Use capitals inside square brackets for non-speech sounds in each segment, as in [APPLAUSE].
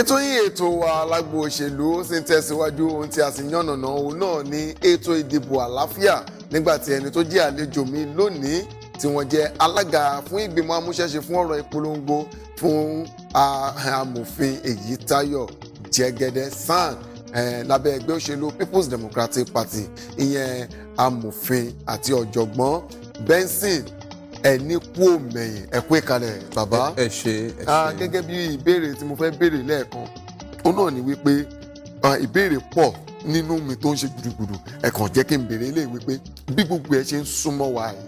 ètò yìí ètò wa alágbo òṣèlú ó sì ń tẹ̀síwájú ohun tí a sì yànnàná òun náà ní ètò ìdìbò àlàáfíà nígbà tí ẹni tó jẹ́ àlejò mi lónìí tí wọ́n jẹ́ alága fún ìgbìmọ̀ amúṣẹ́ṣe fún ọ̀rọ̀ ìpolongo fún amòfin Èyítáyọ̀ Jẹ́gẹ́dẹ́ SAN lábẹ́ ẹgbẹ́ òṣèlú People's Democratic Party ìyẹn amòfin àti ọ̀jọ̀gbọ́n Benson ẹni kú òmẹ̀yìn ẹ kú ìkàlẹ̀ bàbá ẹ ṣe ẹ ṣe ah, gẹ́gẹ́ bí ìbéèrè tí mo fẹ́ béèrè lẹ́ẹ̀kan ó náà ní wípé ah, ìbéèrè pọ̀ nínú mi tó ń ṣe gbùdùgbùdù ẹ kàn jẹ́ kí n béèrè lè wípé bí gbogbo ẹ ṣe ń súnmọ́ wa yìí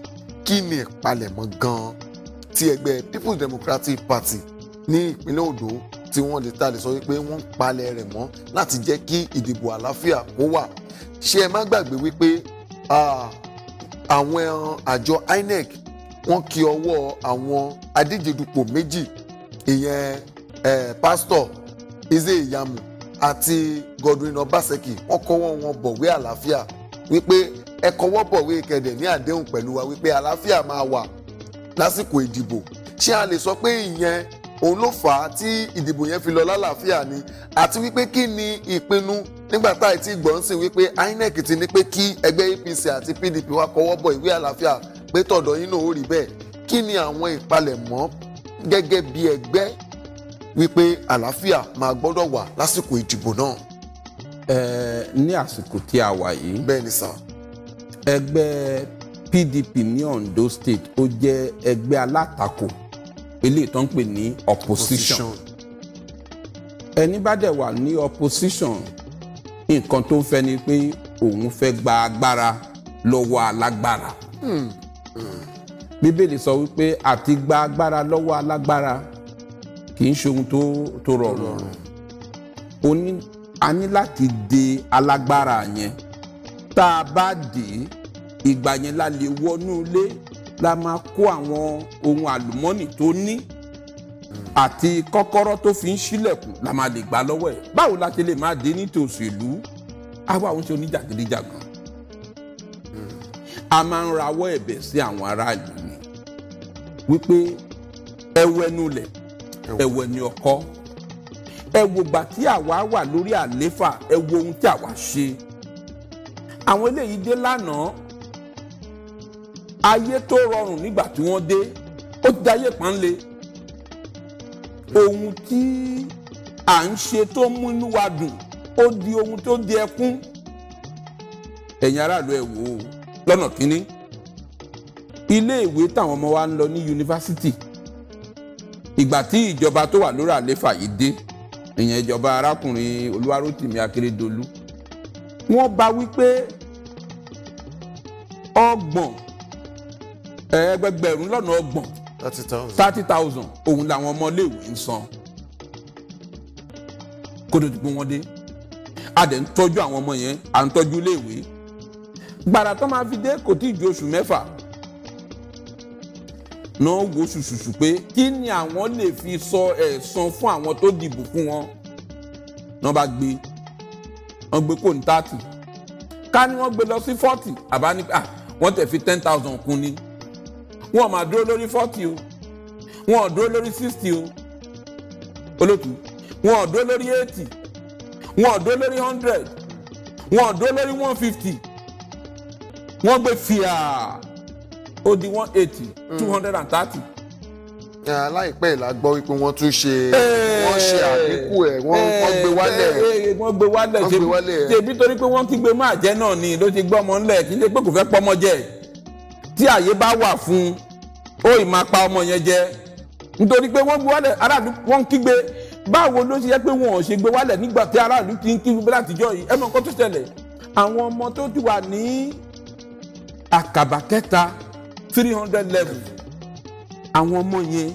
kí ni ìpalẹ̀mọ́ gan ti ẹgbẹ́ People's Democratic Party ní ìpínlẹ̀ Ondo tí wọ́n lè ta lè sọ wípé wọ́n ń palẹ̀ rẹ̀ mọ́ láti jẹ́ kí ìdìbò àlàáfíà kó wà ṣé ẹ má gbàgbé wípé ah, àwọn àjọ INEC wọ́n kí ọwọ́ àwọn adíjedupò méjì ìyẹn eh, pásítọ̀ Eze Iyamu àti Godwin Obaseki wọ́n kọ́wọ́ wọn bọ̀wé àlàáfíà wípé ẹ kọ́wọ́ bọ̀wé kẹ̀dẹ̀ ní àdéhùn pẹ̀lú wa wípé àlàáfíà máa wà lásìkò ìdìbò ṣé a lè sọ pé ìyẹn òun ló fà á tí ìdìbò yẹn fi lọ lálàáfíà ni àti wípé kí ni ìpinnu nígbà tá àìtí gbọ̀nsìn wípé INEC ti ní pé kí ẹgbẹ́ APC àti PDP wá kọ́wọ́ bọ̀ ìwé àlàáfíà pé tọ̀dọ̀ yín náà ó rí bẹ́ẹ̀ kí ni àwọn ìpalẹ̀mọ́ gẹ́gẹ́ bí ẹgbẹ́ wípé àlàáfíà máa gbọ́dọ̀ wà lásìkò ìdìbò náà. ẹ ní àsìkò tí a wà yìí. bẹ́ẹ̀ ni sà. ẹgbẹ́ PDP ní Ondo State ó jẹ́ ẹgbẹ́ alátakò eléyìí tó ń pè ní opposition. ẹni bá dẹ̀ wà ní opposition nǹkan tó ń fẹ́ ni pé òun fẹ́ gba agbára lọ́wọ́ alágbára. Hmm bíbélì sọ wípé àti gba agbára lọ́wọ́ alágbára kì í ṣe ohun tó rọrùn a ní láti de alágbára yẹn tá a bá dé ìgbà yẹn la lè wọnú ilé la máa kó àwọn ohun àlùmọ́nì tó ní àti kọ́kọ́rọ́ tó fi ń ṣílẹ̀kùn la máa lè gbà lọ́wọ́ ẹ̀ báwo la ti lè máa dé nítòsí ìlú àwa òun ṣe oníjàgídíjàgan a máa ń rawọ́ ẹ̀bẹ̀ sí àwọn aráàlú ni wípé ẹwẹ́nulẹ̀ ẹwẹ́ni ọkọ́ ẹ wo gbà tí àwa wà lórí àléfà ẹ wo ohun tí àwa ṣe àwọn eléyìí dé lánàá ayé tó rọrùn nígbà tí wọ́n dé ó ti dayé pọ́nlé ohun tí à ń ṣe tó mú inú wa dùn ó di ohun tó di ẹkún ẹ̀yin aráàlú ẹ wò ó lọ́nà kínní iléèwé táwọn ọmọ wa ń lọ ní yunifásitì ìgbà tí ìjọba tó wà lórí àléfà yìí dé ìyẹn ìjọba arákùnrin olúwarótìmí akérèdọlù wọ́n bá wípé ọgbọ̀n ẹgbẹgbẹ̀rún lọ́nà ọgbọ̀n thirty thousand òun làwọn ọmọléèwé ń san kó tó ti pé wọ́n dé a dẹ̀ ń tọ́jú àwọn ọmọ yẹn à ń tọ́jú iléèwé gbàrà tó máa fi dé kò tí ì ju oṣù mẹ́fà náà wo ṣùṣùṣù pé kí ni àwọn lè fi sọ ẹ̀san fún àwọn tó dìbò fún wọn náà bá gbé wọn gbé kò ní tààtì ká ní wọ́n gbé lọ sí fọ́tì àbá ní à wọ́n tẹ̀ fi ten thousand kún ni wọ́n máa dúró lórí fọ́tì o wọ́n dúró lórí sixty o olótú wọ́n dúró lórí eighty wọ́n dúró lórí hundred wọ́n dúró lórí one fifty wọ́n gbé fìyà ó di one eighty hmm. two hundred and thirty láìpẹ́ ìlà gbọ́ wípé wọ́n tún ṣe wọ́n ṣe àdínkù ẹ̀ wọ́n gbé wálẹ̀ wọ́n gbé wálẹ̀ ṣèbí torí pé wọ́n ti gbé máa jẹ́ náà ni ló ti gbọ́ ọmọ ńlẹ̀ kí n ṣe pé kò fẹ́ pọ́mọ jẹ tí àyè bá wà fún un ó ì máa pa ọmọ yẹn jẹ nítorí pé wọ́n gbé wálẹ̀ aráàlú wọ́n kígbe báwo ló ṣe yẹ pé wọn ò ṣe gbé wálẹ̀ nígbà tí aráàlú ti ń kígbe látijọ́ yìí ẹ mọ nǹkan tó ṣẹlẹ̀ àwọn ọmọ tó ti wà ní àkàbà kẹta three hundred level àwọn ọmọ yẹn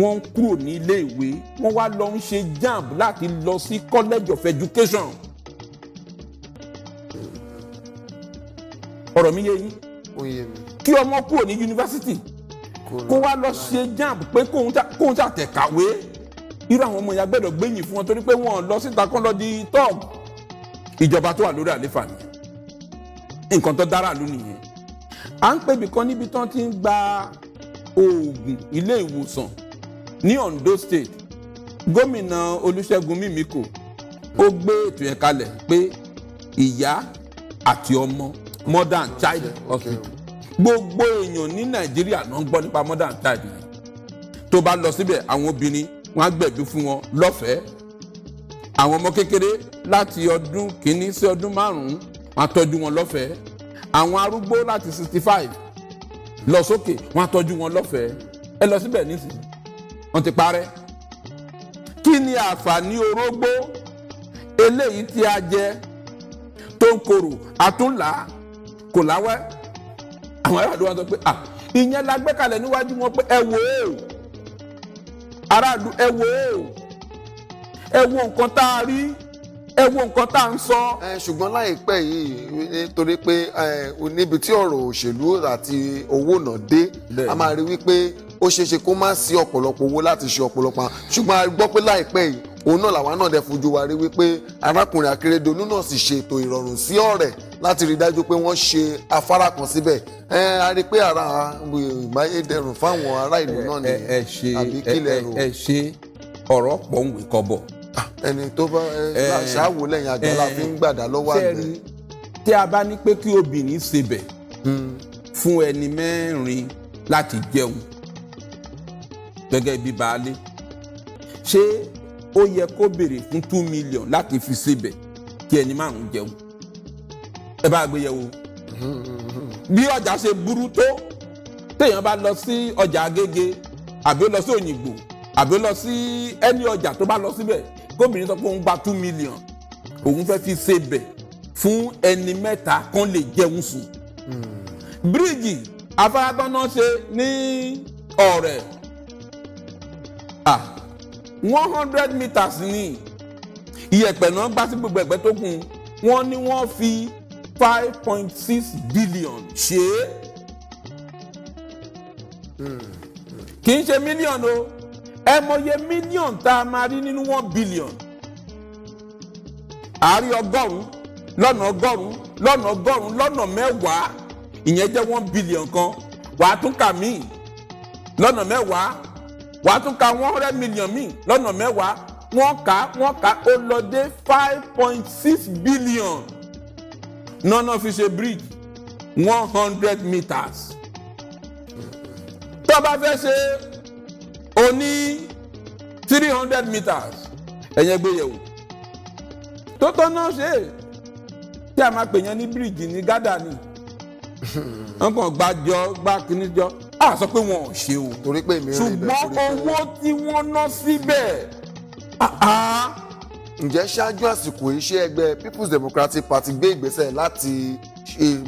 wọ́n ń kúrò ní ilé ìwé wọ́n wá lọ ń ṣe jamb láti lọ sí college of education. ọ̀rọ̀ mi yé yín kí ọmọ kúrò ní yunifásitì kó wá lọ ṣe jamb pé kóun ṣàtẹ̀ kàwé irú àwọn ọmọ yẹn gbọ́dọ̀ gbẹ̀yìn fún wọn torí pé wọ́n lọ síta kán lọ di tọ́ọ̀gù ìjọba tó wà lórí àléfà nǹkan tó dára lù nìyẹn à ń pèbì kan níbi tán ti ń gba oògùn ilé ìwòsàn ní Ondo State gómìnà Olúṣẹ́gun Mímíkò ó gbé ètò yẹn kalẹ̀ pé ìyá àti ọmọ mother child hospital gbogbo èèyàn ní Nàìjíríà náà ń gbọ́ nípa mother child yẹn tó bá lọ síbẹ̀ àwọn obìnrin wọn á gbẹ̀bí fún wọn lọ́fẹ̀ẹ́ àwọn ọmọ kékeré láti ọdún kìíní sí ọdún márùn-ún wọ́n á tọ́jú wọn lọ́fẹ̀ẹ́ àwọn arúgbó láti sixty five lọ sókè wọ́n á tọ́jú wọn lọ́fẹ̀ẹ́ ẹ lọ síbẹ̀ nísìnyí wọ́n ti parẹ́ kí ni àǹfààní orógbó eléyìí tí a jẹ tó ń korò àtúnlá kò láwẹ́ àwọn aráàlú wọn sọ pé ah ìyẹn la gbé kalẹ̀ níwájú wọn pé ẹ wò ó aráàlú ẹ wò ó ẹ wò nǹkan tá a rí ẹ wo nǹkan tá à ń sọ. ṣùgbọ́n láìpẹ́ yìí nítorí pé níbi tí ọ̀rọ̀ òṣèlú àti owó náà dé a máa rí wípé ó ṣeé ṣe kó má sí ọ̀pọ̀lọpọ̀ owó láti ṣe ọ̀pọ̀lọpọ̀ ṣùgbọ́n a gbọ́ pé láìpẹ́ yìí òun náà làwọn náà dẹ fojú wa rí wípé arákùnrin akérèdọlù náà sì ṣe ètò ìrọ̀rùn sí ọ̀rẹ́ láti rí dájú pé wọ́n ṣe afárá kan síbẹ̀ a rí pé ara ìmáyédẹrùn fáwọn ará ìlú náà ni àbí kílẹ̀ rò. ẹ ṣe ọ̀rọ̀ pọ̀ ń wí kọ́ ẹni tó bá ṣáàwó lẹ́yìn àjọ fi ń gbàdá lọ́wọ́ àgbẹ̀. tí a bá ní pé kí obìnrin ṣebẹ̀ hmm. fún ẹni mẹ́rin láti jẹun gẹ́gẹ́ bí baálé ṣé ó yẹ kó béèrè fún two million láti fi ṣebẹ̀ kí ẹni márùn jẹun ẹ bá gbé bí ọjà ṣe burú tó téèyàn bá lọ sí ọjà Agége àbí lọ sí Òyìngbò àbí lọ sí ẹni ọjà tó bá lọ síbẹ̀ gómìnà sọ pé òun gba two million òun fẹ́ fi ṣe bẹ̀ fún ẹni mẹ́ta kan lè jẹun sùn. bíríìjì afárátọ́nà ṣe ní ọ̀rẹ́ one hundred meters ní iyẹ̀pẹ̀ náà gbá sí gbogbo ẹ̀gbẹ́ tó kù wọ́n ní wọ́n fi five point six billion ṣe é hmm, hmm. kì í ṣe mílíọ̀nù o ẹ million, tá a máa rí nínú one billion àárí ọgọ́rùn-ún lọ́nà ọgọ́rùn-ún lọ́nà ọgọ́rùn-ún lọ́nà mẹ́wàá ìyẹn jẹ́ one billion kan wàá tún kà míì lọ́nà mẹ́wàá wàá tún ka one hundred million míì lọ́nà mẹ́wàá wọ́n kà wọ́n kà ó lọ dé five point six billion none of ṣe bridge one hundred meters tó bá fẹ́ ṣe o ní three hundred meters ẹ̀yẹn gbé yẹ̀wò tó tọ́nà ṣe tí a máa pè yẹn ní bíríìjì ní gádà ni wọn kàn gbàjọ gbà kíní jọ a sọ pé wọn ò ṣe o torí pé mi rìn bẹ́ẹ̀ ṣùgbọ́n owó tí wọ́n ná síbẹ̀ ah, ah. ǹjẹ́ ṣáájú àsìkò iṣẹ́ ẹgbẹ́ People's Democratic Party gbé ìgbésẹ̀ láti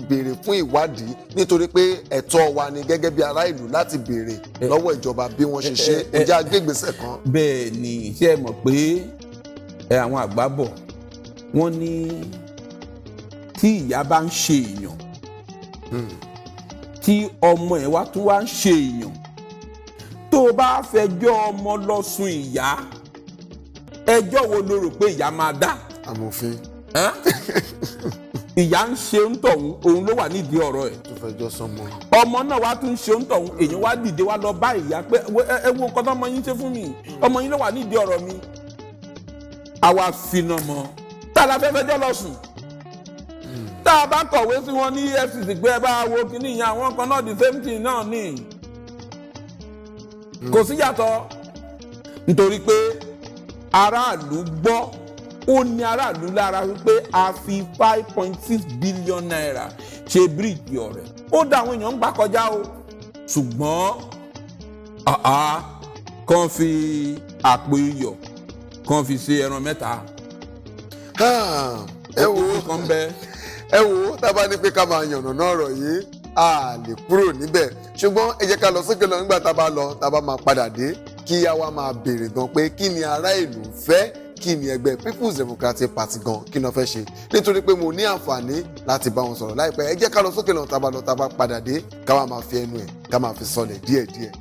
béèrè fún ìwádìí nítorí pé ẹ̀tọ́ wa ni gẹ́gẹ́ bí ará ìlú láti béèrè lọ́wọ́ ìjọba bí wọ́n ṣe ṣe ǹjẹ́ agbègbèsẹ̀ kan. bẹ́ẹ̀ ni ṣé ẹ mọ̀ pé àwọn àgbà bọ̀ wọ́n ní tí ìyá bá ń ṣe èèyàn hmm. tí ọmọ ẹ̀ wá tún wá ń ṣe èèyàn tó o bá fẹjọ́ ọmọ lọ sùn ìyá ẹjọ́ wo lo rò pé ìyá máa dá. amòfin. [LAUGHS] ìyá ń ṣe ń tọ̀hún òun ló wà nídìí ọ̀rọ̀ ẹ̀. tó fẹ́ jọ sọmọ. ọmọ náà wá tún ṣe ń tọ̀hún èyí wá dìde wá lọ bá ìyá pé ẹ wo nǹkan tó ọmọ yín ṣe fún mi ọmọ yín ló wà nídìí ọ̀rọ̀ mi. àwa fina mọ tá a la fẹ́ fẹjọ́ lọ sùn. Hmm. tá a bá kọ̀wé sí wọn ní EFCC pé ẹ bá wo kíní ìyá àwọn kan náà the same thing náà ni. Hmm. kò síyàtọ̀ nítorí pé aráàlú gbọ́ ó ní aráàlú lára wípé a fi five point six billion naira ṣe bíríìjì ọ̀rẹ́ ó dá àwọn èèyàn ń gbà kọjá o ṣùgbọ́n kàn fi àpò iyọ̀ kàn fi ṣe ẹran mẹ́ta ẹ wo kan bẹ́ẹ̀ ẹ wo tá a bá ní pé ká máa yànnà náà ọ̀rọ̀ yìí a lè kúrò níbẹ̀ ṣùgbọ́n ẹ jẹ́ ká lọ sókè lọ nígbà tá a bá lọ tá a bá máa padà dé kí a wá máa béèrè gan pé kí ni ará ìlú fẹ́ kí ni ẹgbẹ́ People's Democratic Party gan kí ni wọ́n fẹ́ ṣe nítorí pé mo ní àǹfààní láti bá wọn sọ̀rọ̀ láìpẹ́ ẹ jẹ́ ká lọ sókè lọ́n tábà lọ́n tábà padà dé ká máa fi ẹnu ẹ̀ ká máa fi sọlẹ̀ díẹ̀díẹ̀.